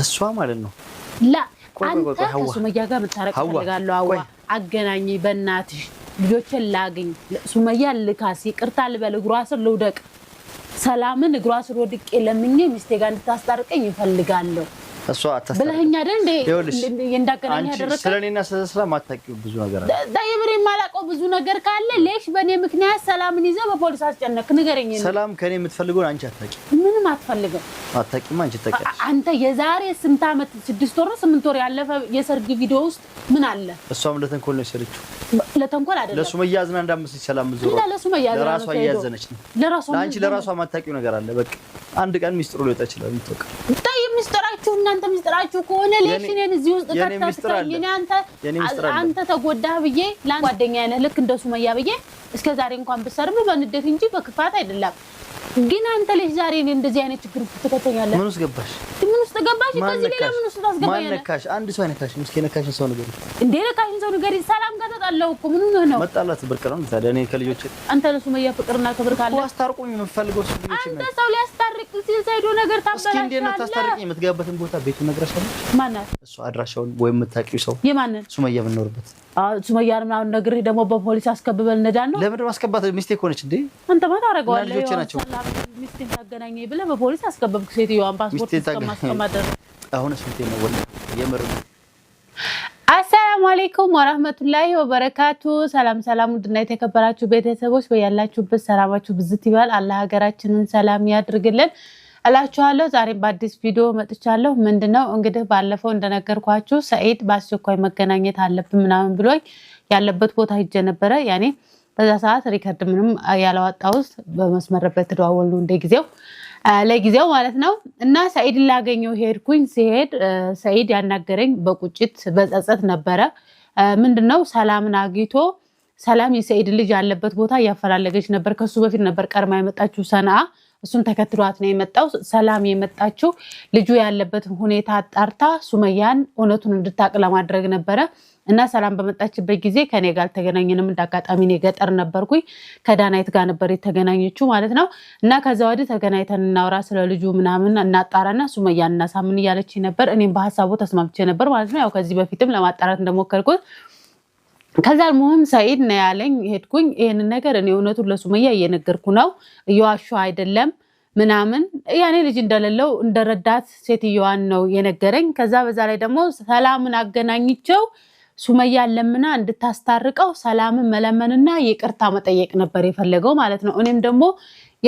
እሷ ማለት ነው ላ አንተ ጋር መታረቅ ፈልጋለሁ። አዋ አገናኝ፣ በእናትሽ ልጆችን ላግኝ። ሱመያ ልካስ ይቅርታ ልበል፣ እግሯ ስር ልውደቅ። ሰላምን እግሯ ስር ወድቄ ለምኜ ሚስቴ ጋር እንድታስታርቀኝ ይፈልጋለሁ። እሷ ብለኸኝ አይደል እንደ እንዳገናኝ ያደረከ ስለኔና ስለስራ ማታውቂው ብዙ ነገር አለ። ዳይብሬ የማላውቀው ብዙ ነገር ካለ ሌሽ በእኔ ምክንያት ሰላምን ይዘህ በፖሊስ አስጨነክ። ንገረኝ። ሰላም ከኔ የምትፈልገውን አንቺ አታውቂም፣ ምንም አትፈልግም። አታውቂም፣ አንቺ ታውቂያለሽ። አንተ የዛሬ ስንት ዓመት ስድስት ወር ስምንት ወር ያለፈ የሰርግ ቪዲዮ ውስጥ ምን አለ? እሷም ለተንኮል ነው የሰለችው። ለተንኮል አይደለም፣ ለሱመያ አዝና እንዳመሰለች ሰላም ዙሮ ለራሷ እያዘነች ነው። ለራሷ ለራሷ ማታውቂው ነገር አለ። በቃ አንድ ቀን ሚስጥሩ ሊወጣ ይችላል። የምታውቀው እናንተ ሚስጥራችሁ ከሆነ ሌሽኔን እዚህ ውስጥ ከተተልኝ አንተ አንተ ተጎዳህ ብዬ ለአንድ ጓደኛ ነህ ልክ እንደ ሱመያ ብዬ እስከ ዛሬ እንኳን ብሰርም በንደት እንጂ በክፋት አይደለም። ግን አንተ ልጅ ዛሬ እኔ እንደዚህ አይነት ችግር ውስጥ ትከተኛለህ? ምን ውስጥ ገባሽ? ምን ውስጥ ገባሽ? ከዚህ ሌላ ምን ውስጥ ታስገባኛለህ? ማን ነካሽ? አንድ ሰው አይነካሽም። እስኪ የነካሽን ሰው ንገሪኝ። እንዴ? የነካሽን ሰው ንገሪኝ። ሰላም ጋር ተጣላሁ እኮ ምን ነው ነው? መጣላት ብርቅ ነው ታዲያ? እኔ ከልጆች አንተ ለሱመያ ፍቅርና ክብር ካለ አስታርቁኝ። የምፈልገው እሱ ልጅ ነው። አንተ ሰው ሊያስታርቅ ሲል ሳይዶ ነገር ታበላሽ። እስኪ እንዴት ታስታርቅኝ? የምትገባበትን ቦታ ቤቱን ነግረሻለች? ማናት? እሱ አድራሻውን ወይም የምታውቂው ሰው? የማንን? ሱመያ የምንኖርበት ሱመያን ምናምን ነግር ደግሞ በፖሊስ አስከብበል ነዳን ነው። ለምንድን ማስከባት ሚስቴ ሚስቴክ ሆነች እንዴ? አንተ ማ ታደርገዋለህ? ልጆቼ ናቸው። ሚስቴ ታገናኘ ብለህ በፖሊስ አስከበብክ ሴትዮዋን ፓስፖርት እስከማስቀማት ድረስ። አሁንስ ነው ወላሂ የምር አሰላሙ አሌይኩም ወራህመቱላሂ ወበረካቱ። ሰላም ሰላም፣ ውድና የተከበራችሁ ቤተሰቦች በያላችሁበት ሰላማችሁ ብዝት ይባል። አላህ ሀገራችንን ሰላም ያድርግልን። እላችኋለሁ ዛሬም በአዲስ ቪዲዮ መጥቻለሁ። ምንድነው እንግዲህ ባለፈው እንደነገርኳችሁ ሰኢድ በአስቸኳይ መገናኘት አለብን ምናምን ብሎኝ ያለበት ቦታ ሂጄ ነበረ። ያኔ በዛ ሰዓት ሪከርድ ምንም ያለዋጣ ውስጥ በመስመር ነበር እንደ ጊዜው ለጊዜው ማለት ነው። እና ሰኢድ ላገኘው ሄድኩኝ። ሲሄድ ሰኢድ ያናገረኝ በቁጭት በጸጸት ነበረ። ምንድነው ሰላምን አግኝቶ ሰላም የሰኢድ ልጅ ያለበት ቦታ እያፈላለገች ነበር። ከሱ በፊት ነበር ቀድማ የመጣችው ሰናአ እሱን ተከትሏት ነው የመጣው። ሰላም የመጣችው ልጁ ያለበትን ሁኔታ አጣርታ ሱመያን እውነቱን እንድታቅ ለማድረግ ነበረ እና ሰላም በመጣችበት ጊዜ ከኔ ጋር አልተገናኘንም። እንዳጋጣሚ እኔ ገጠር ነበርኩኝ ከዳናይት ጋር ነበር የተገናኘችው ማለት ነው። እና ከዛ ወዲህ ተገናኝተን እናውራ ስለ ልጁ ምናምን እናጣራና ሱመያን እናሳምን እያለች ነበር። እኔም በሀሳቡ ተስማምቼ ነበር ማለት ነው። ያው ከዚህ በፊትም ለማጣራት እንደሞከርኩት ከዛ አልሙህም ሰኢድ ነው ያለኝ። ሄድኩኝ ይህንን ነገር እኔ እውነቱን ለሱመያ እየነገርኩ ነው እየዋሹ አይደለም ምናምን ያኔ ልጅ እንደሌለው እንደረዳት ሴትዮዋን ነው የነገረኝ። ከዛ በዛ ላይ ደግሞ ሰላምን አገናኝቸው ሱመያ ለምና እንድታስታርቀው ሰላምን መለመንና ይቅርታ መጠየቅ ነበር የፈለገው ማለት ነው። እኔም ደግሞ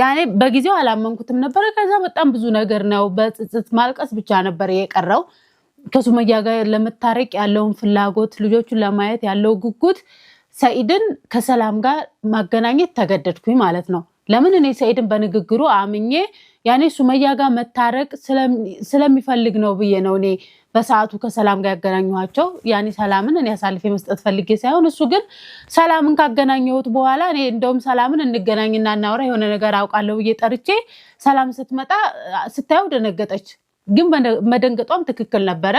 ያኔ በጊዜው አላመንኩትም ነበረ። ከዛ በጣም ብዙ ነገር ነው በጽጽት ማልቀስ ብቻ ነበር የቀረው። ከሱመያ ጋር ለመታረቅ ያለውን ፍላጎት፣ ልጆቹን ለማየት ያለው ጉጉት ሰኢድን ከሰላም ጋር ማገናኘት ተገደድኩኝ ማለት ነው። ለምን እኔ ሰኢድን በንግግሩ አምኜ ያኔ ሱመያ ጋር መታረቅ ስለሚፈልግ ነው ብዬ ነው እኔ በሰዓቱ ከሰላም ጋር ያገናኘኋቸው። ያኔ ሰላምን እኔ አሳልፌ መስጠት ፈልጌ ሳይሆን እሱ ግን ሰላምን ካገናኘሁት በኋላ እኔ እንደውም ሰላምን እንገናኝና እናውራ የሆነ ነገር አውቃለሁ ብዬ ጠርቼ ሰላም ስትመጣ ስታየው ደነገጠች። ግን መደንገጧም ትክክል ነበረ።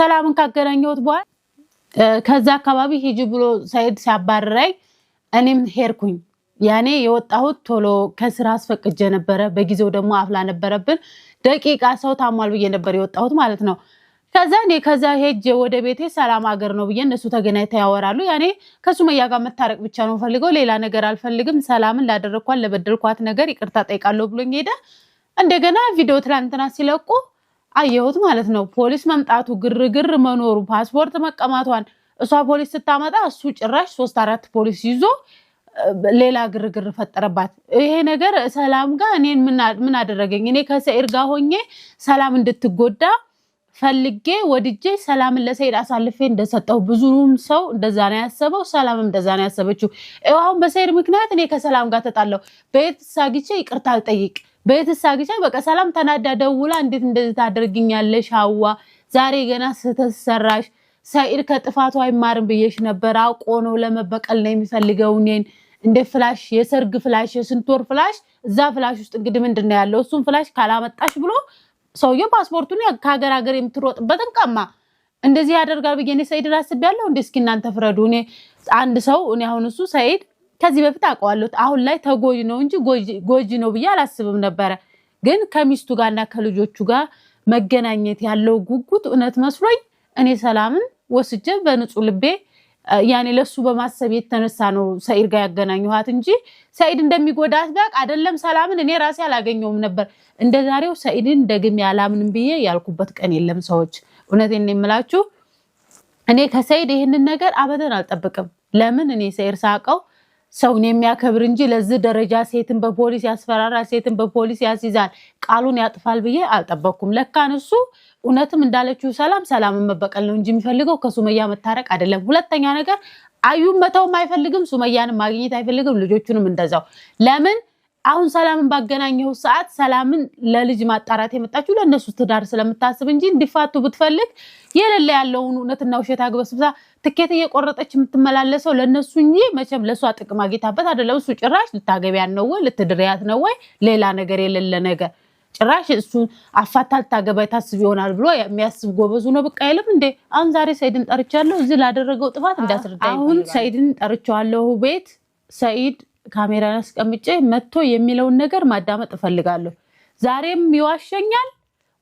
ሰላምን ካገናኘሁት በኋላ ከዛ አካባቢ ሂጂ ብሎ ሰኢድ ሲያባረራኝ እኔም ሄድኩኝ። ያኔ የወጣሁት ቶሎ ከስራ አስፈቅጄ ነበረ። በጊዜው ደግሞ አፍላ ነበረብን። ደቂቃ ሰው ታሟል ብዬ ነበር የወጣሁት ማለት ነው። ከዛ እኔ ከዛ ሄጅ ወደ ቤቴ ሰላም ሀገር ነው ብዬ እነሱ ተገናኝተው ያወራሉ። ያኔ ከሱመያ ጋር መታረቅ ብቻ ነው ፈልገው፣ ሌላ ነገር አልፈልግም። ሰላምን ላደረግኳት ለበደልኳት ነገር ይቅርታ ጠይቃለሁ ብሎኝ ሄደ። እንደገና ቪዲዮ ትላንትና ሲለቁ አየሁት ማለት ነው። ፖሊስ መምጣቱ፣ ግርግር መኖሩ፣ ፓስፖርት መቀማቷን እሷ ፖሊስ ስታመጣ እሱ ጭራሽ ሶስት አራት ፖሊስ ይዞ ሌላ ግርግር ፈጠረባት። ይሄ ነገር ሰላም ጋር እኔን ምን አደረገኝ? እኔ ከሰኢድ ጋር ሆኜ ሰላም እንድትጎዳ ፈልጌ ወድጄ ሰላምን ለሰኢድ አሳልፌ እንደሰጠው ብዙም ሰው እንደዛ ነው ያሰበው። ሰላምም እንደዛ ነው ያሰበችው። አሁን በሰኢድ ምክንያት እኔ ከሰላም ጋር ተጣለው። በየት ሳግቼ ይቅርታ አልጠይቅ በየተሳ አግቻ በቃ ሰላም ተናዳ ደውላ እንዴት እንደዚህ ታደርግኛለሽ? አዋ ዛሬ ገና ስተሰራሽ ሰኢድ ከጥፋቱ አይማርም ብዬሽ ነበር። አውቆ ነው ለመበቀል ነው የሚፈልገው እኔን እንደ ፍላሽ፣ የሰርግ ፍላሽ፣ የስንት ወር ፍላሽ። እዛ ፍላሽ ውስጥ እንግዲህ ምንድን ነው ያለው? እሱን ፍላሽ ካላመጣሽ ብሎ ሰውየው ፓስፖርቱን ከሀገር ሀገር የምትሮጥበትን ቀማ። እንደዚህ ያደርጋል ብዬ እኔ ሰኢድን አስቤያለሁ። እንደ እስኪ እናንተ ፍረዱ። እኔ አንድ ሰው እኔ አሁን እሱ ሰኢድ ከዚህ በፊት አውቀዋለሁ። አሁን ላይ ተጎጂ ነው እንጂ ጎጂ ነው ብዬ አላስብም ነበረ። ግን ከሚስቱ ጋርና ከልጆቹ ጋር መገናኘት ያለው ጉጉት እውነት መስሎኝ እኔ ሰላምን ወስጄ በንጹህ ልቤ ያኔ ለሱ በማሰብ የተነሳ ነው ሰኢድ ጋር ያገናኘኋት እንጂ ሰኢድ እንደሚጎዳት ጋር አይደለም። ሰላምን እኔ ራሴ አላገኘውም ነበር። እንደ ዛሬው ሰኢድን ደግም አላምንም ብዬ ያልኩበት ቀን የለም። ሰዎች እውነቴን የምላችሁ እኔ ከሰኢድ ይህንን ነገር አበደን አልጠብቅም። ለምን እኔ ሰኢድ ሳውቀው ሰውን የሚያከብር እንጂ ለዚህ ደረጃ ሴትን በፖሊስ ያስፈራራል፣ ሴትን በፖሊስ ያስይዛል፣ ቃሉን ያጥፋል ብዬ አልጠበቅኩም። ለካን እሱ እውነትም እንዳለችው ሰላም ሰላምን መበቀል ነው እንጂ የሚፈልገው ከሱመያ መታረቅ አይደለም። ሁለተኛ ነገር አዩም መተውም አይፈልግም፣ ሱመያንም ማግኘት አይፈልግም፣ ልጆቹንም እንደዛው ለምን አሁን ሰላምን ባገናኘው ሰዓት ሰላምን ለልጅ ማጣራት የመጣችው ለእነሱ ትዳር ስለምታስብ እንጂ እንዲፋቱ ብትፈልግ የሌለ ያለውን እውነትና ውሸት አግበስብሳ ትኬት እየቆረጠች የምትመላለሰው ለእነሱ እንጂ መቼም ለእሷ ጥቅም አግኝታበት አይደለም። እሱ ጭራሽ ልታገቢያት ነው ወይ ልትድርያት ነው ወይ ሌላ ነገር የሌለ ነገር ጭራሽ እሱ አፋታ ልታገባ ታስብ ይሆናል ብሎ የሚያስብ ጎበዙ ነው። ብቅ አይልም እንዴ። አሁን ዛሬ ሰይድን ጠርቻለሁ እዚህ ላደረገው ጥፋት እንዳስረዳ። አሁን ሰይድን ጠርቸዋለሁ ቤት ሰይድ ካሜራን አስቀምጬ መጥቶ የሚለውን ነገር ማዳመጥ እፈልጋለሁ። ዛሬም ይዋሸኛል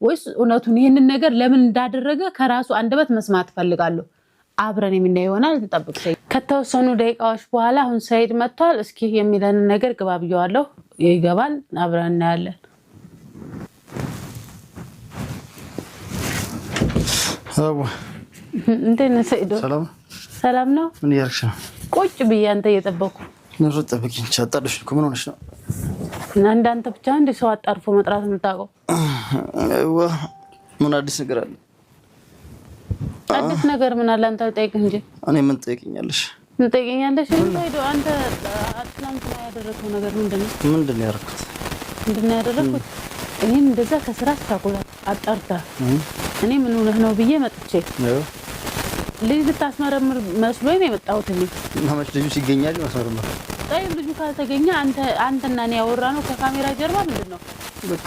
ወይስ እውነቱን? ይህንን ነገር ለምን እንዳደረገ ከራሱ አንደበት መስማት እፈልጋለሁ። አብረን የምናየው ይሆናል። ተጠብቅ። ሰይድ ከተወሰኑ ደቂቃዎች በኋላ አሁን ሰይድ መጥቷል። እስኪ የሚለንን ነገር ግባ ብየዋለሁ። ይገባል። አብረን እናያለን። እንዴት ነህ ሰላም ነው። ምን እያደረግሽ ነው? ቁጭ ብዬ አንተ እየጠበኩ ነው ጠበቂኝ። አጣርሽ እኮ ምን ሆነሽ ነው? እንዳንተ ብቻ እንደ ሰው አጣርፎ መጥራት የምታውቀው? አይዋ ምን አዲስ ነገር አለ? አዲስ ነገር ምን አለ? አንተ አልጠይቅህ እንጂ እኔ ምን ጠይቅኛለሽ? ምን ጠይቅኛለሽ? አንተ ትናንትና ያደረገው ነገር ምንድን ነው? ምንድን ነው ያደረኩት? ምንድን ነው ያደረኩት? እኔን እንደዛ ከስራ ስታቆላ አጣርታ እኔ ምን ሆነህ ነው ብዬ መጥቼ ልጅ ልታስመረምር መስሎኝ ነው የመጣሁት። እኔ ማመች ልጆች ሲገኛል ማስመረምር ቀጣይ ልጁ ካልተገኘ አንተና እኔ ያወራ ነው ከካሜራ ጀርባ ምንድን ነው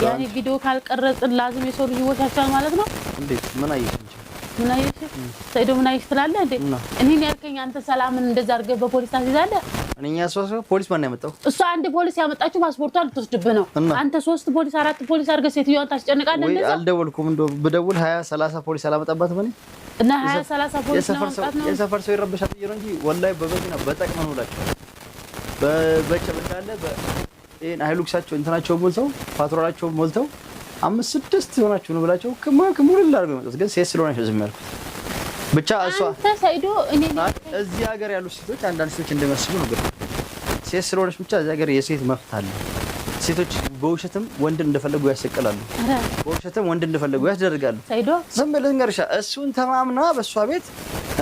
ያኔ ቪዲዮ ካልቀረጽን ላዝም የሰው ልጅ ይወሻሻል ማለት ነው። እንዴት ምን አየሽ እንጂ ምን አየሽ ሰይዶ ምን አየሽ ትላለህ እንዴ? እኔን ያልከኝ አንተ ሰላምን እንደዛ አድርገህ በፖሊስ ታስይዛለህ። እኔኛ ሶስት ፖሊስ ማን ያመጣው? እሱ አንድ ፖሊስ ያመጣችሁ ፓስፖርቷ ልትወስድብህ ነው። አንተ ሶስት ፖሊስ አራት ፖሊስ አድርገህ ሴትዮዋን ታስጨንቃለህ። እንደዛ አልደወልኩም። እንዶ ብደውል ሀያ ሰላሳ ፖሊስ አላመጣባትም እኔ እና ሀያ ሰላሳ ፖሊስ ነው የሰፈር ሰው ይረበሻል ብዬሽ ነው እንጂ ወላሂ በበዚህ ነው በጠቅመን ሁላችሁ በበጭ እንዳለ ይህን አይሉክሳቸው እንትናቸው ሞልተው ፓትሮላቸው ሞልተው አምስት ስድስት ሆናችሁ ነው ብላቸው ክማ ክሙልል አድርገው የመጡት ግን ሴት ስለሆነ ዝም ያልኩት ብቻ። እሷ እዚህ ሀገር ያሉ ሴቶች አንዳንድ ሴቶች እንደመስሉ ነው። ሴት ስለሆነች ብቻ እዚህ ሀገር የሴት መፍት አለ። ሴቶች በውሸትም ወንድን እንደፈለጉ ያሰቅላሉ፣ በውሸትም ወንድን እንደፈለጉ ያስደርጋሉ። ዝም ብለህ ንገርሻ እሱን ተማምና በእሷ ቤት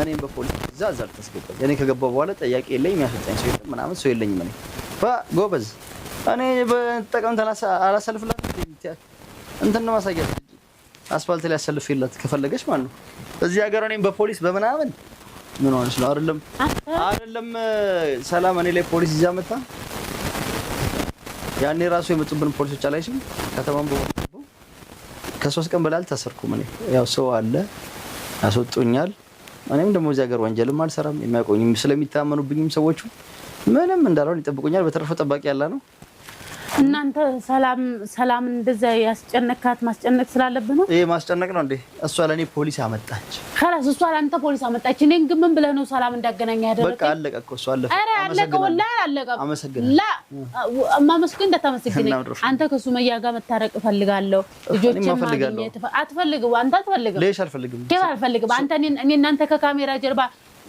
እኔም በፖሊስ ትእዛዝ አልተስገባም። እኔ ከገባ በኋላ ጠያቂ የለኝ የሚያስወጣኝ ሰው የለም ምናምን ሰው የለኝም። እኔ ጎበዝ እኔ በጠቀምት አላሰልፍላት እንትን ማሳያ አስፋልት ላይ አሰልፍ የላት ከፈለገች ማለት ነው። እዚህ ሀገር እኔም በፖሊስ በምናምን ምን ሆነች ነው? አይደለም አይደለም፣ ሰላም እኔ ላይ ፖሊስ ይዛ መጣ። ያኔ ራሱ የመጡብን ፖሊሶች አላይሽም። ከተማም ከሶስት ቀን በላል ታሰርኩም። እኔ ያው ሰው አለ ያስወጡኛል። እኔም ደግሞ እዚህ ሀገር ወንጀልም አልሰራም። የሚያቆኝም ስለሚታመኑብኝም ሰዎቹ ምንም እንዳልሆን ይጠብቁኛል። በተረፈ ጠባቂ ያላ ነው። እናንተ ሰላም ሰላም እንደዛ ያስጨነካት ማስጨነቅ ስላለብህ ነው። ይሄ ማስጨነቅ ነው እንዴ? እሷ ለእኔ ፖሊስ አመጣች። ከላስ እሷ ለአንተ ፖሊስ አመጣች። እኔን ግን ምን ብለህ ነው ሰላም እንዳገናኝ ያደረገ? በቃ አለቀ እኮ እሱ አለፈ። ኧረ አለቀ፣ ወላሂ አለቀ። አመሰግናለሁ። ላ ማመስገን እንዳታመሰግነኝ። አንተ ከሱመያ ጋር መታረቅ እፈልጋለሁ። ልጆችን ማግኘት አትፈልግም? አንተ አትፈልግም? ሌሽ አልፈልግም። ኬፍ አልፈልግም። አንተ እኔ እናንተ ከካሜራ ጀርባ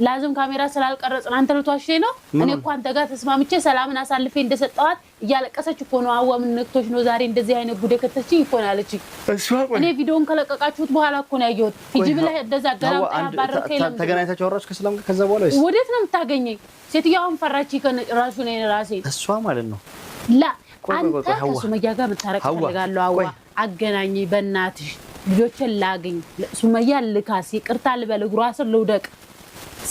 ላዝም ካሜራ ስላልቀረጽን አንተ ልትዋሸኝ ነው? እኔ እኮ አንተ ጋር ተስማምቼ ሰላምን አሳልፌ እንደሰጠዋት እያለቀሰች እኮ ነው። አዋ ምን ነክቶች ነው ዛሬ እንደዚህ አይነት ጉዴ ከተችኝ እኮ ነው ያለችኝ። እኔ ቪዲዮውን ከለቀቃችሁት በኋላ እኮ ነው ያየሁት። ሂጂ ብለህ እንደዛ ገላባረከኝ። ተገናኝታችሁ አወራችሁ ከሰላም ጋር? ከዛ በኋላ ወዴት ነው የምታገኘኝ? ሴትዮዋን ፈራች ራሱ ነ ራሴ እሷ ማለት ነው ላ አንተ ከሱመያ ጋር መታረቅ ፈልጋለሁ። አዋ አገናኝ በእናትሽ ልጆችን ላግኝ ሱመያ ልካስ ይቅርታ ልበል እግሯ ስር ልውደቅ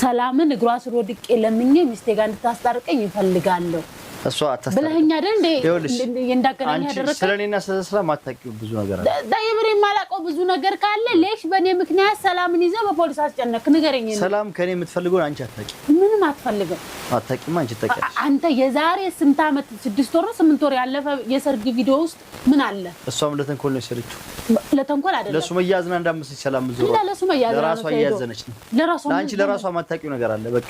ሰላምን እግሯ ስር ወድቄ ለምኜ ሚስቴ ጋር እንድታስታርቀኝ ይፈልጋለሁ። እሷ ብለኸኝ አይደል እንዳገናኝ ስለ ስራ የማታውቂው ብዙ ነገር አለ። ጠይብሬ የማላውቀው ብዙ ነገር ካለ ሌሽ በእኔ ምክንያት ሰላምን ይዘህ በፖሊስ አስጨነቅ። ንገረኝ። ሰላም ከእኔ የምትፈልገውን አንቺ አታውቂም፣ ምንም አትፈልግም። አታውቂም፣ አንቺ ታውቂያለሽ። አንተ የዛሬ ስንት ዓመት ስድስት ወር ስምንት ወር ያለፈ የሰርግ ቪዲዮ ውስጥ ምን አለ? እሷም ለተንኮል ነው የሰረችው። ለተንኮል አይደለም፣ ለሱመያ አዝና እንዳመሰች ሰላም ዙሮ ለራሷ እያዘነች ነው። ለአንቺ ለራሷ የማታውቂው ነገር አለ። በቃ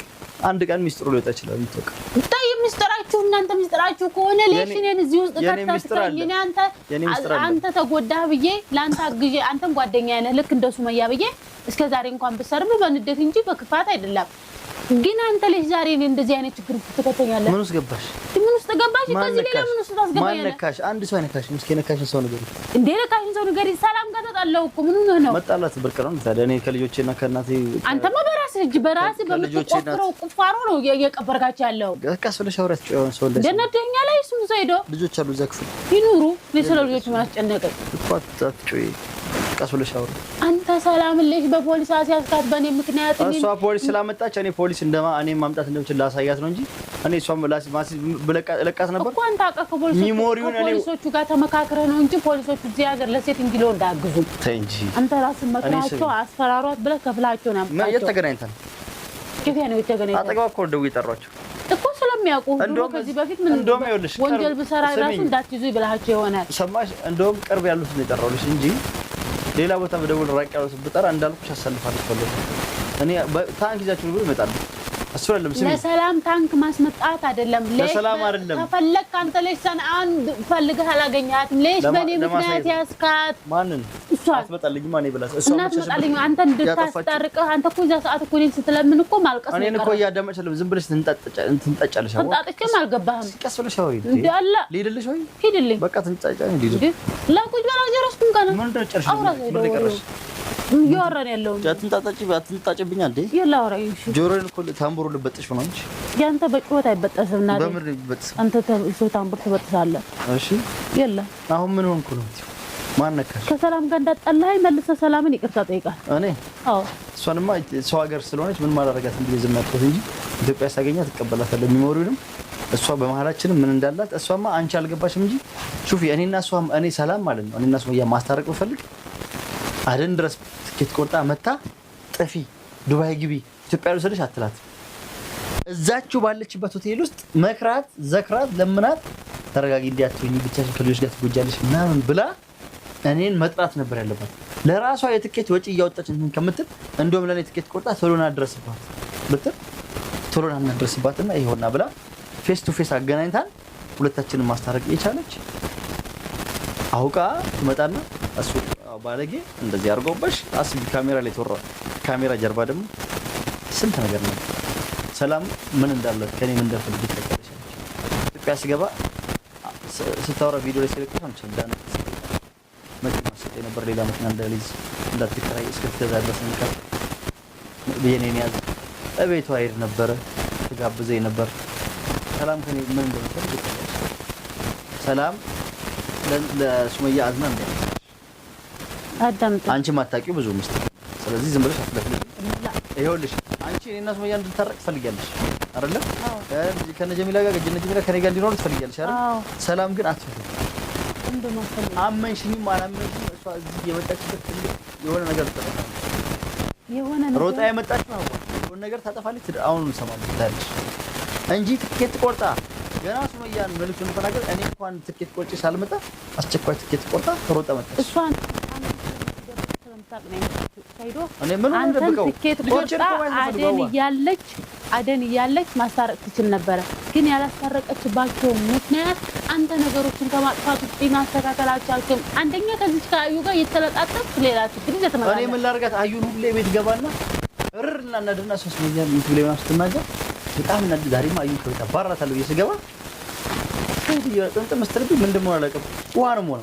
አንድ ቀን ሚስጥሩ ሊወጣ ይችላል። የምታውቀው ሚስጥራችሁ እናንተ ሚስጥራችሁ ከሆነ ሌሽኔን እዚህ ውስጥ ከተተከልኝ አንተ አንተ ተጎዳህ ብዬ ለአንተ አግዤ አንተም ጓደኛ ያለህ ልክ እንደ ሱመያ ብዬ እስከ ዛሬ እንኳን ብሰርም በንደት እንጂ በክፋት አይደለም። ግን አንተ ልጅ ዛሬ እኔ እንደዚህ አይነት ችግር ትከተኛለህ። ምን ውስጥ ገባሽ? ምን ውስጥ ገባሽ? ከዚህ ሌላ ምን ውስጥ ታስገባኛለህ? ማን ነካሽ? አንድ ሰው አይነካሽ። ምስኪ ነካሽን ሰው ነገር እንዴ! ነካሽን ሰው ነገር ሰላም ጋር ተጣላሁ እኮ ምን ነው ነው መጣላት ብርቅ ነው ታዲያ? እኔ ከልጆቼና ከእናቴ አንተማ በራ ራስህ እጅ በራስህ በምትቆፍረው ቁፋሮ ነው እየቀበርካቸው ያለው። ቀስ ብለሽ አውሪያቸው። የሆነ ደነደኛ ላይ ስሙ ዘይዶ ልጆች አሉ እዛ ክፍል ይኑሩ። ስለ ልጆች ማስጨነቀኝ ቀስ ብለሽ አውሪ። አንተ ሰላም ልሽ በፖሊስ አስያዝካት በእኔ ምክንያት። እሷ ፖሊስ ስላመጣች እኔ ፖሊስ እንደማ እኔ ማምጣት እንደምችል ላሳያት ነው እንጂ እኔ እሷ ለቃት ነበር አንተ አውቃ። ከፖሊሶቹ ጋር ተመካክረህ ነው እንጂ ፖሊሶቹ እዚህ ሀገር ለሴት እንግሎ እንዳያግዙ ተይ እንጂ አንተ ራስን መክራቸው አስፈራሯት ብለህ ከፍላቸው ነው የት ተገናኝተን ጊዜ ነው የተገናኘው? አጠገቧ እኮ ደውዬ ጠሯቸው እኮ ስለሚያውቁ ከዚህ በፊት ምን ወንጀል ብሰራ ራሱ እንዳትይዙ ይብላቸው ይሆናል። ሰማሽ? እንደውም ቅርብ ያሉት ነው የጠራሁልሽ እንጂ ሌላ ቦታ በደውል ራቅ ያለው ብጠራ እንዳልኩሽ አሳልፋለሁ። እኔ ታንክ ይዛችሁ ብሎ ይመጣል። እሱ አይደለም ሲሚ ለሰላም ታንክ ማስመጣት አይደለም። ለሰላም አይደለም ከፈለክ አንተ ልጅ ሰንአን ፈልገህ አላገኘሃትም። ልጅ በኔ ምክንያት ያስካት ማንን እሷ አትመጣልኝ ማን ይብላስ እሷ አትመጣልኝ። አንተ እንድታስጠርቅህ አንተ እኮ እዛ ሰዓት እኮ እኔን ስትለምን እኮ ማልቀስ እኔን እኮ እያዳመጥሽ አይደለም። ዝም ብለሽ ትንጣጣጫ እንትንጣጫለሽ አሁን ትንጣጥቼም አልገባህም። ቀስ ብለሽ አውሪ እንዴ አላ ሊድልሽ ወይ ሂድልኝ በቃ ትንጣጫ እንዴ ለቁጭ በላ ጀረስኩን ካና ምን ደጨርሽ አውራ ዘይ ደውሪ እያወራን ያለው አትንጣጣጭ አትንጣጭብኝ አለ የላወራ ጆሮን እኮ ታምቡሩ ልበጥሽ ነው እንጂ ያንተ በጩኸት አይበጠስም። እና በምን ይበጥስም? አንተ ሰው ታምቡር ትበጥሳለህ። እሺ የለ አሁን ምን ሆንኩ ነው? ማን ነካሽ? ከሰላም ጋር እንዳጣላህ መልሰህ ሰላምን ይቅርታ ጠይቃል። እኔ አዎ፣ እሷንማ ሰው ሀገር ስለሆነች ምን ማላረጋት እንዴ ዝም ያልኩት እንጂ ኢትዮጵያ ሳገኛት ትቀበላታለህ። የሚሞሪውንም እሷ በመሀላችንም ምን እንዳላት እሷማ አንቺ አልገባሽም እንጂ ሹፊ፣ እኔና እሷ እኔ ሰላም ማለት ነው እኔና እሷ ማስታረቅ ብፈልግ አደን ድረስ ትኬት ቆርጣ መታ ጥፊ ዱባይ ግቢ ኢትዮጵያ ልውሰድሽ አትላት። እዛችሁ ባለችበት ሆቴል ውስጥ መክራት፣ ዘክራት፣ ለምናት ተረጋጊ እንዲያትኝ ብቻሽን ከልጆች ጋር ትጎጃለች ምናምን ብላ እኔን መጥራት ነበር ያለባት። ለራሷ የትኬት ወጪ እያወጣች እንትን ከምትል እንዲሁም ለእኔ ትኬት ቆርጣ ቶሎና ድረስባት ብትል ቶሎና እናድረስባትና ይሆና ብላ ፌስ ቱ ፌስ አገናኝታን ሁለታችንን ማስታረቅ የቻለች አውቃ ትመጣና እሱ ባለጌ እንደዚህ አድርጎበሽ አስቢ። ካሜራ ላይ ተወራ፣ ካሜራ ጀርባ ደግሞ ስንት ነገር ነው። ሰላም ምን እንዳለ ከኔ ምን እንደፈልግ ተቀበለሽ። ኢትዮጵያ ስገባ ስታወራ ቪዲዮ ላይ ሲለቀቅ አንችል ዳን መኪና ስጥ ነበር ሌላ መኪና እንዳልይዝ እንዳትከራይ እስክትገዛ ድረስ ንቀር ብዬኔን ያዝ እቤቷ ሄድ ነበረ ተጋብዘኝ ነበር። ሰላም ከኔ ምን እንደምፈልግ ሰላም ለሱመያ አዝና እንደ አዳምጥ። አንቺ ማታውቂው ብዙ ምስት ስለዚህ ዝም ብለሽ አትለፍልሽ። ይኸውልሽ አንቺ እኔና ሱመያ እንድታረቅ ትፈልጊያለሽ አይደለ? ከነ ጀሚላ ጋር ከነ ጀሚላ ከኔ ጋር እንዲኖር ትፈልጊያለሽ አይደል? ሰላም ግን አትፈልጊም። አመንሽኝም አላመንሽኝም እሷ እዚህ የመጣችበት ትልቅ የሆነ ነገር ትጠፋለች። የሆነ ነገር ሮጣ የመጣች ነው የሆነ ነገር ታጠፋለች። አሁን እንሰማለን ታለች እንጂ ትኬት ቆርጣ ገና ሱመያን መልዕክቱን ተናገር። እኔ እንኳን ትኬት ቆርጬ ሳልመጣ አስቸኳይ ትኬት ቆርጣ ሮጣ መጣች እሷን አደን እያለች አደን እያለች ማስታረቅ ትችል ነበረ። ግን ያላስታረቀችባቸው ምክንያት አንተ ነገሮችን ከማጥፋት ውጭ ማስተካከል አልቻልክም። አንደኛ ከዚች ከአዩ ጋር የተለጣጠፍ ሌላ ችግር ይዘትመራ። እኔ ምን ላድርጋት? አዩን ሁሌ ቤት ገባና እርና እናድና ሶስት መኛ ምት ብላ ስትናገር በጣም እናድ ዛሬማ አዩን ከቤት አባራታለሁ ብዬ ስገባ ጥንጥ ጥንጥ ምስትርብ አላውቅም። ውሃ ነው ሆነ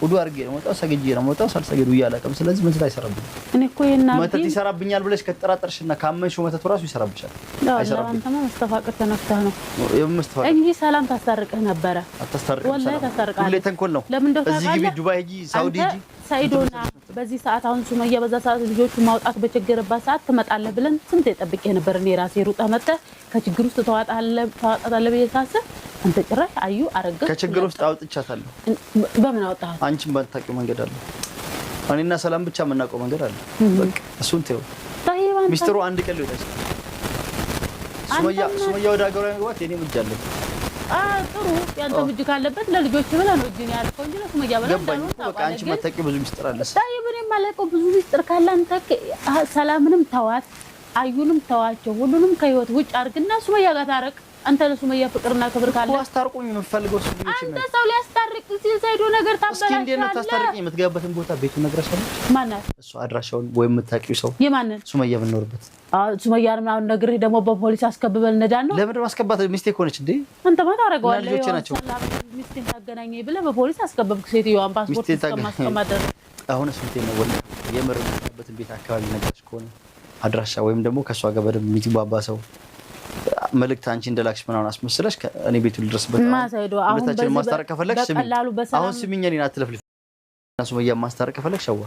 ውዱ አድርጌ ነው የምወጣው፣ ሰግጄ ነው የምወጣው። ሳልሰግድ ውዬ አላውቅም። ስለዚህ መተት አይሰራብኝም። እኔ እኮ የእናቴ መተት ይሰራብኛል ብለሽ ከተጠራጠርሽና ካመንሽው መተቱ እራሱ ይሰራብሻል። አንተማ መስተፋቅር ተነፍተህ ነው እንጂ ሰላም ታስታርቅህ ነበረ። አታስታርቅም። ወላሂ ታስታርቃለህ። ሁሌ ተንኮል ነው። እዚህ ግቢ፣ ዱባይ ሂጂ፣ ሳውዲ ሂጂ። ሰይዶና በዚህ ሰዓት አሁን ሱመያ በዛ ሰዓት ልጆቹ ማውጣት በቸገረባት ሰዓት ትመጣለህ ብለን ስንት የጠብቄ ነበር እኔ ራሴ ሩጠህ መጥተህ ከችግር ውስጥ ተዋጣለህ ብዬ ሳስብ አንተ ጭራሽ አዩ አረገ ከችግር ውስጥ አውጥቻታለሁ። በምን አወጣህ? አንቺም ባታውቂው መንገድ አለ። እኔና ሰላም ብቻ የምናውቀው መንገድ አለ። በቃ እሱን ተይው። ሚስጥሩ አንድ ቀን ሊወጣ ይችላል። ሱመያ ወደ ሀገሯ መግባት የኔም እጅ አለኝ። ጥሩ ያንተ እጅ ካለበት ለልጆች ብለህ ነው እጅን ያልከው እንጂ ለሱመያ ብለህ በቃ አንቺ የማታውቂው ብዙ ሚስጥር አለ። ታዲያ እኔም አላውቀው ብዙ ሚስጥር ካለ አንተ ሰላምንም ተዋት፣ አዩንም ተዋቸው፣ ሁሉንም ከህይወት ውጭ አድርግና ሱመያ ጋር ታረቅ። አንተ ለሱመያ ፍቅርና ክብር ካለ አስታርቁኝ የምፈልገው እሱ ልጅ አንተ ሰው ሊያስታርቅ ሲል ሳይዶ ነገር ታበላሽ። ታበላሻለህ። እንዴት ነው ታስታርቅኝ? የምትገባበትን ቦታ ቤቱን ነግረሻለች? ማናት? እሱ አድራሻውን ወይም የምታውቂው ሰው የማንን? ሱመያ የምንኖርበት። አዎ ሱመያ ምናምን ነግሬህ ደግሞ በፖሊስ አስከብበን ነዳ ነው። ለምን ነው አስከባት? ሚስቴክ ሆነች እንዴ? አንተ ማ ታደርገዋለህ? ልጆቼ ናቸው። ሚስቴን ታገናኘኝ ብለህ በፖሊስ አስከበብክ። ሴትዮዋን ፓስፖርት እስከማስቀማት አሁን እሱ እንትን ነው ወለ የምር የምትኖርበትን ቤት አካባቢ ነገርሽ ከሆነ አድራሻ ወይም ደግሞ ከእሷ ጋር በደምብ የሚግባባ ሰው መልእክት አንቺ እንደላክሽ ምናምን አስመስለሽ እኔ ቤቱ ልድረስበት ማስታረቅ ከፈለግሽ አሁን ስሚኝ፣ እኔን አትለፍልፊ። እና ሱመያን ማስታረቅ ከፈለግሽ አዋ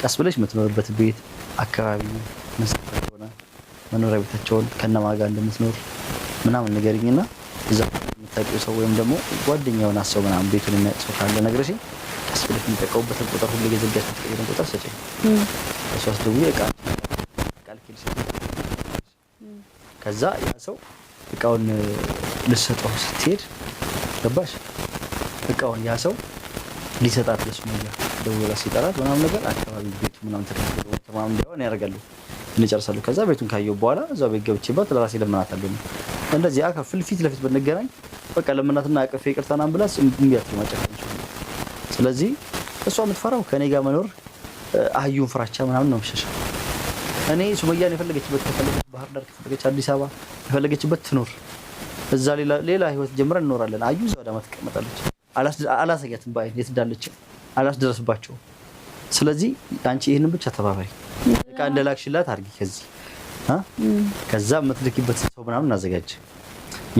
ቀስ ብለሽ የምትኖርበት ቤት አካባቢ ሆነ መኖሪያ ቤታቸውን ከነማ ጋር እንደምትኖር ምናምን ንገሪኝና እዛ የምታውቂው ሰው ወይም ደግሞ ጓደኛ የሆነ ሰው ምናምን ቤቱን የሚያውቅ ሰው ካለ ነግረሽኝ ቀስ ብለሽ የሚጠቀሙበትን ቁጥር ሁሌ የዘጋሽ የምትቀይረን ቁጥር ሰጭ እሷስ ደግሞ የቃል ቃል ኪል ከዛ ያ ሰው እቃውን ልሰጠው ስትሄድ ገባሽ እቃውን ያ ሰው ሊሰጣት ለሱመያ ደውላ ሲጠራት ምናምን ነገር አካባቢ ቤቱ ምናምን ተደርገው ተማም እንዲሆን ያደርጋሉ እንጨርሳሉ። ከዛ ቤቱን ካየው በኋላ እዛ ቤት ገብቼባት ለራሴ ለምናት አለ እንደዚህ አካፍል ፊት ለፊት ብንገናኝ በቃ ለምናትና አቀፌ ይቅርታናን ብላስ እምቢያት ማጨቀም ስለዚህ እሷ የምትፈራው ከእኔ ጋር መኖር አህዩን ፍራቻ ምናምን ነው ምሸሻ እኔ ሱመያን የፈለገችበት ከፈለገች ባህር ዳር ከፈለገች አዲስ አበባ የፈለገችበት ትኖር። እዛ ሌላ ህይወት ጀምረን እንኖራለን። አዩ እዛ ወዳማ ትቀመጣለች። አላሳያትም በአይን የት እንዳለች አላስደረስባቸው። ስለዚህ አንቺ ይህንን ብቻ ተባባሪ፣ እቃ እንደላክሽላት አድርጊ። ከዚህ ከዛ የምትልኪበት ሰው ምናምን እናዘጋጅ።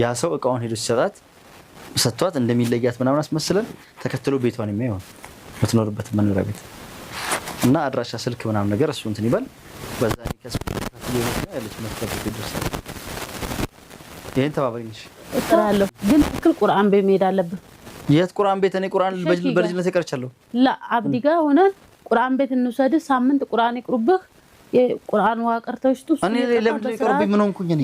ያ ሰው እቃውን ሄዶ ሲሰጣት ሰጥቷት እንደሚለያት ምናምን አስመስለን ተከትሎ ቤቷን የሚሆን ይሆን የምትኖርበት መኖሪያ ቤት እና አድራሻ፣ ስልክ ምናምን ነገር እሱ እንትን ይበል። በዛ ከስ ያለች መትከብ ደርሳል ይህን ተባበሪኝ። እሺ እጥራለሁ፣ ግን ትክክል ቁርአን ቤት መሄድ አለብን። የት ቁርአን ቤት? እኔ ቁርአን በልጅነት የቀርቻለሁ። ላ አብዲ ጋር ሆነን ቁርአን ቤት እንውሰድህ፣ ሳምንት ቁርአን ይቅሩብህ የቁርአን መዋቅር ተውስጡ እኔ ለምንድን የቀሩብኝ? ምን ሆንኩኝ? እኔ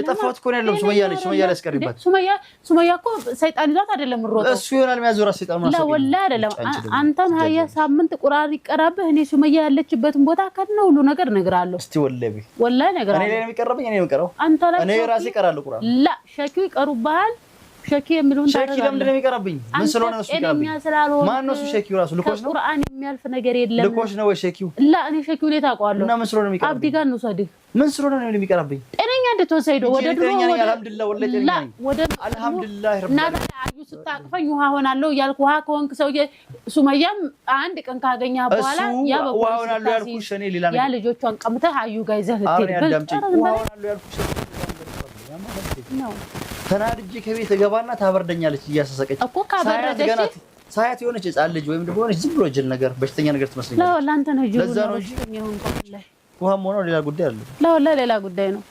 የጠፋሁት እኮ ነው። ሱመያ ነች። ሱመያ ሊያስቀሪባት ሱመያ ሱመያ እኮ ሰይጣን ይዟት አይደለም ሮጠው እሱ ይሆናል መያዙ ሰይጣን ሰይጣን ነው። ወላሂ አይደለም። አንተም ሀያ ሳምንት ቁርአን ይቀራብህ። እኔ ሱመያ ያለችበትን ቦታ ከነ ሁሉ ነገር እነግርሃለሁ። እስቲ ወላሂ ወላሂ እነግርሃለሁ። እኔ ላይ ነው እኔ ነው የምቀረው። አንተ ላይ እኔ ራሴ እቀራለሁ ቁርአን። ላ ሸኪው ይቀሩብሃል ሸኪ የሚሉን ሸኪ ለምንድን ነው ምን ስለሆነ ነው ማን ነው እሱ? ሸኪው ልኮሽ ነው። ቁርአን የሚያልፍ ነገር የለም። ልኮሽ ነው ወይ ሸኪው? ላ እኔ ሸኪው ታውቀዋለሁ። እና ምን ስለሆነ ነው አብዲ ጋር ምን ስለሆነ ነው ጤነኛ እንድትሆን ሰይዶ፣ ወደ ድሮ አዩ ስታቅፈኝ ውሃ ሆናለሁ እያልኩ ውሃ ከሆንክ ሰውዬ ሱመያም አንድ ቀን በኋላ ያ ያ ልጆቿን ቀምተህ አዩ ጋር ይዘህ ልትሄድ ነው ተናድጄ ከቤት እገባና ታበርደኛለች እያሰሰቀች እኮ ካበረደች ሳያት የሆነች ህፃን ልጅ ወይም ደግሞ የሆነች ዝም ብሎ ጅል ነገር በሽተኛ ነገር ትመስለኛለች። ለአንተ ነው ጅሉ ነው። ውሃም ሆነው ሌላ ጉዳይ አለ። ለወላ ሌላ ጉዳይ ነው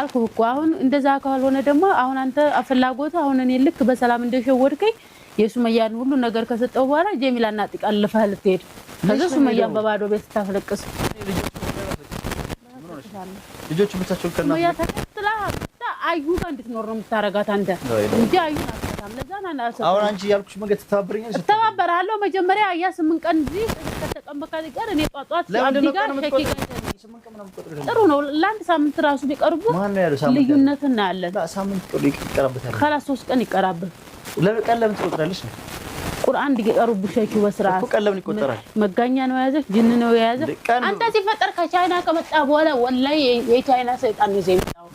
አልኩህ እኮ። አሁን እንደዛ ካልሆነ ደግሞ አሁን አንተ ፍላጎቱ አሁን እኔ ልክ በሰላም እንደሸወድከኝ የሱመያን ሁሉ ነገር ከሰጠው በኋላ ጀሚላና ጥቅ አልፈህ ልትሄድ ከዚ ሱመያን በባዶ ቤት ስታስለቅስ ልጆቹ ብቻቸውን ከና አዩ ጋር እንድትኖር ነው የምታረጋት አንተ እንጂ አዩ አሁን አንቺ ያልኩሽ መንገድ ትተባበረኛለሽ። እተባበራለሁ። መጀመሪያ አያ ስምንት ቀን እዚህ ከተቀመጠ ጋር እኔ ጧጧት ጥሩ ነው። ለአንድ ሳምንት ራሱ ቢቀርቡ ልዩነት እናያለን። ሳምንት ጥሩ ይቀራበታል። ከላ ሶስት ቀን ይቀራበት ለምን ቀን ለምን ትቆጥራለሽ ነው ቁርአን ዲገሩ ብሻኪ ወስራት ቀለም ይቆጠራል። መጋኛ ነው የያዘሽ፣ ጅን ነው የያዘሽ። አንተ ሲፈጠር ከቻይና ከመጣ በኋላ ወላሂ የቻይና ሰይጣን ነው የሚመጣው።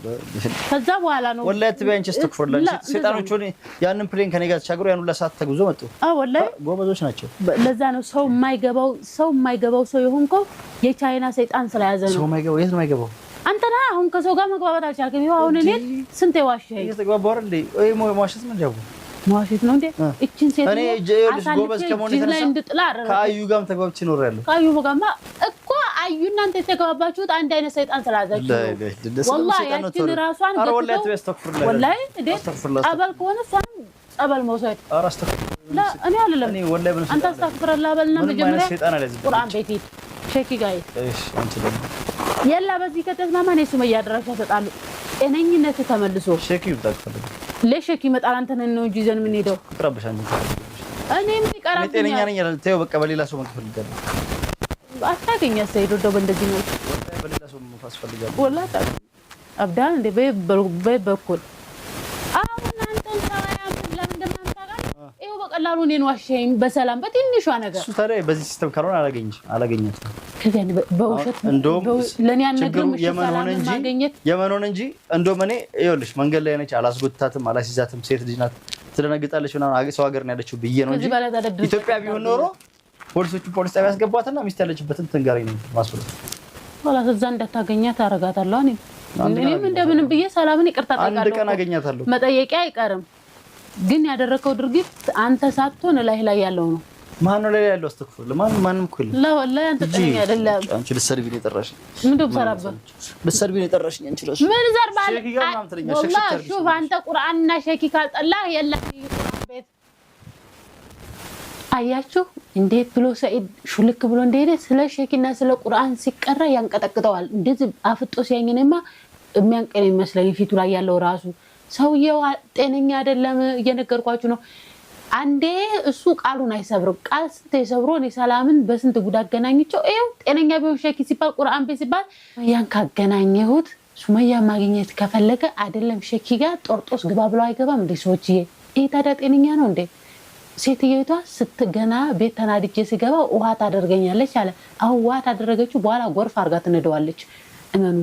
ከዛ በኋላ ነው ወላሂ ትቢያንቺ ስትክፈላ ሰይጣኖች ሆነ ያንን ፕሌን ከኔ ጋር ተሻግሮ ያን ሁላ ሰዓት ተጉዞ መጡ። አዎ ወላሂ ጎበዞች ናቸው። ለዛ ነው ሰው የማይገባው ሰው የማይገባው ሰው የሆንከው የቻይና ሰይጣን ስለያዘ ነው። ሰው የማይገባው የት ነው የማይገባው? አንተ ነህ አሁን ከሰው ጋር መግባባት አልቻልክም። ይኸው አሁን እኔ ስንት የዋሸኸኝ እየተግባባሁ አይደል? ወይ መዋሸት ምን ጃቡ መዋሸት ነው እንዴ? እችን ሴት እኔ ጆርጅ ከአዩ ጋርም ተግባብቼ እኖራለሁ። ከአዩ ጋርማ እኮ አዩ እናንተ የተግባባችሁት አንድ አይነት ሰይጣን ስላዛችሁ ወላሂ፣ ያችን ራሷን ወላሂ ጠበል ከሆነ እሷን ጠበል መውሰድ እኔ አልለም። አንተ አስታክፍረላ በልና መጀመሪያ ቁርአን ቤት ሂድ ሼኪ ጋር የላ በዚህ ከተስማማ እኔ ሱመያ አድራሻ እሰጣለሁ። ጤነኝነት ተመልሶ ሼኪ ይምጣ ለሸክ ይመጣል። አንተን ነው እንጂ ይዘን የምንሄደው እኔ ምን ይቀራል? ጤነኛ ነኝ። በቃ በሌላ ሰው ፈልጋለሁ። አታገኛ ሰይዶ ደው በእንደዚህ ነው። በሌላ ሰው አብዳል እንደ በይ በኩል ይኸው በቀላሉ እኔን ዋሻኝ በሰላም በትንሿ ነገር። እሱ ታዲያ በዚህ ሲስተም ካልሆነ አላገኝ አላገኘት በውሸት ለእኔ ያነግርም ማገኘት የመን ሆነ እንጂ እንደውም እኔ ይኸውልሽ መንገድ ላይ ነች፣ አላስጎታትም፣ አላስይዛትም። ሴት ልጅ ናት፣ ትደነግጣለች ምናምን ሰው ሀገር ነው ያለችው ብዬ ነው እንጂ ኢትዮጵያ ቢሆን ኖሮ ፖሊሶቹ ፖሊስ ጣቢያ ያስገቧትና ሚስት ያለችበትን ትንገረኝ ነው ማስፈለ ኋላስ እዛ እንዳታገኛት አደርጋታለሁ። እኔም እንደምንም ብዬ ሰላምን ይቅርታ ጠይቃለሁ። አንድ ቀን አገኛታለሁ። መጠየቂያ አይቀርም። ግን ያደረከው ድርጊት አንተ ሳትሆን ላይ ላይ ያለው ነው። ማን ላይ ያለው? አስተክፈል ማን ማንም ኩል የለም። ላ ወላ አንተ ጠኛ አይደለም። አንቺ ልትሰርቢ ነው የጠራሽኝ። ምን ደብ ሰራበ ልትሰርቢ ነው የጠራሽኝ። አንቺ ለሽ ምን ዘር ዘርባል? ወላ ሹፍ አንተ ቁርአንና ሸኪ ካልጠላ የለም ቁርአን ቤት አያችሁ እንዴት ብሎ ሰኢድ ሹልክ ብሎ እንደሄደ ስለ ሸኪና ስለ ቁርአን ሲቀራ ያንቀጠቅጠዋል። እንደዚህ አፍጦ ሲያኝንማ የሚያንቀን ይመስለኝ ፊቱ ላይ ያለው ራሱ ሰውየው ጤነኛ አይደለም። እየነገርኳችሁ ነው። አንዴ እሱ ቃሉን አይሰብርም። ቃል ስንት የሰብሮ እኔ ሰላምን በስንት ጉድ አገናኝቸው። ይኸው ጤነኛ ቢሆን ሲባል ቁርአን ቤት ሲባል ያን ካገናኘሁት ሱመያ ማግኘት ከፈለገ አይደለም ሸኪ ጋር ጦርጦስ ግባ ብሎ አይገባም እንዴ? ሰዎችዬ፣ ይሄ ታዲያ ጤነኛ ነው እንዴ? ሴትየቷ ስትገና ቤት ተናድጄ ስገባ ውሃ ታደርገኛለች አለ። አሁን ውሃ ታደረገችው፣ በኋላ ጎርፍ አርጋ ትንደዋለች። እመኑ።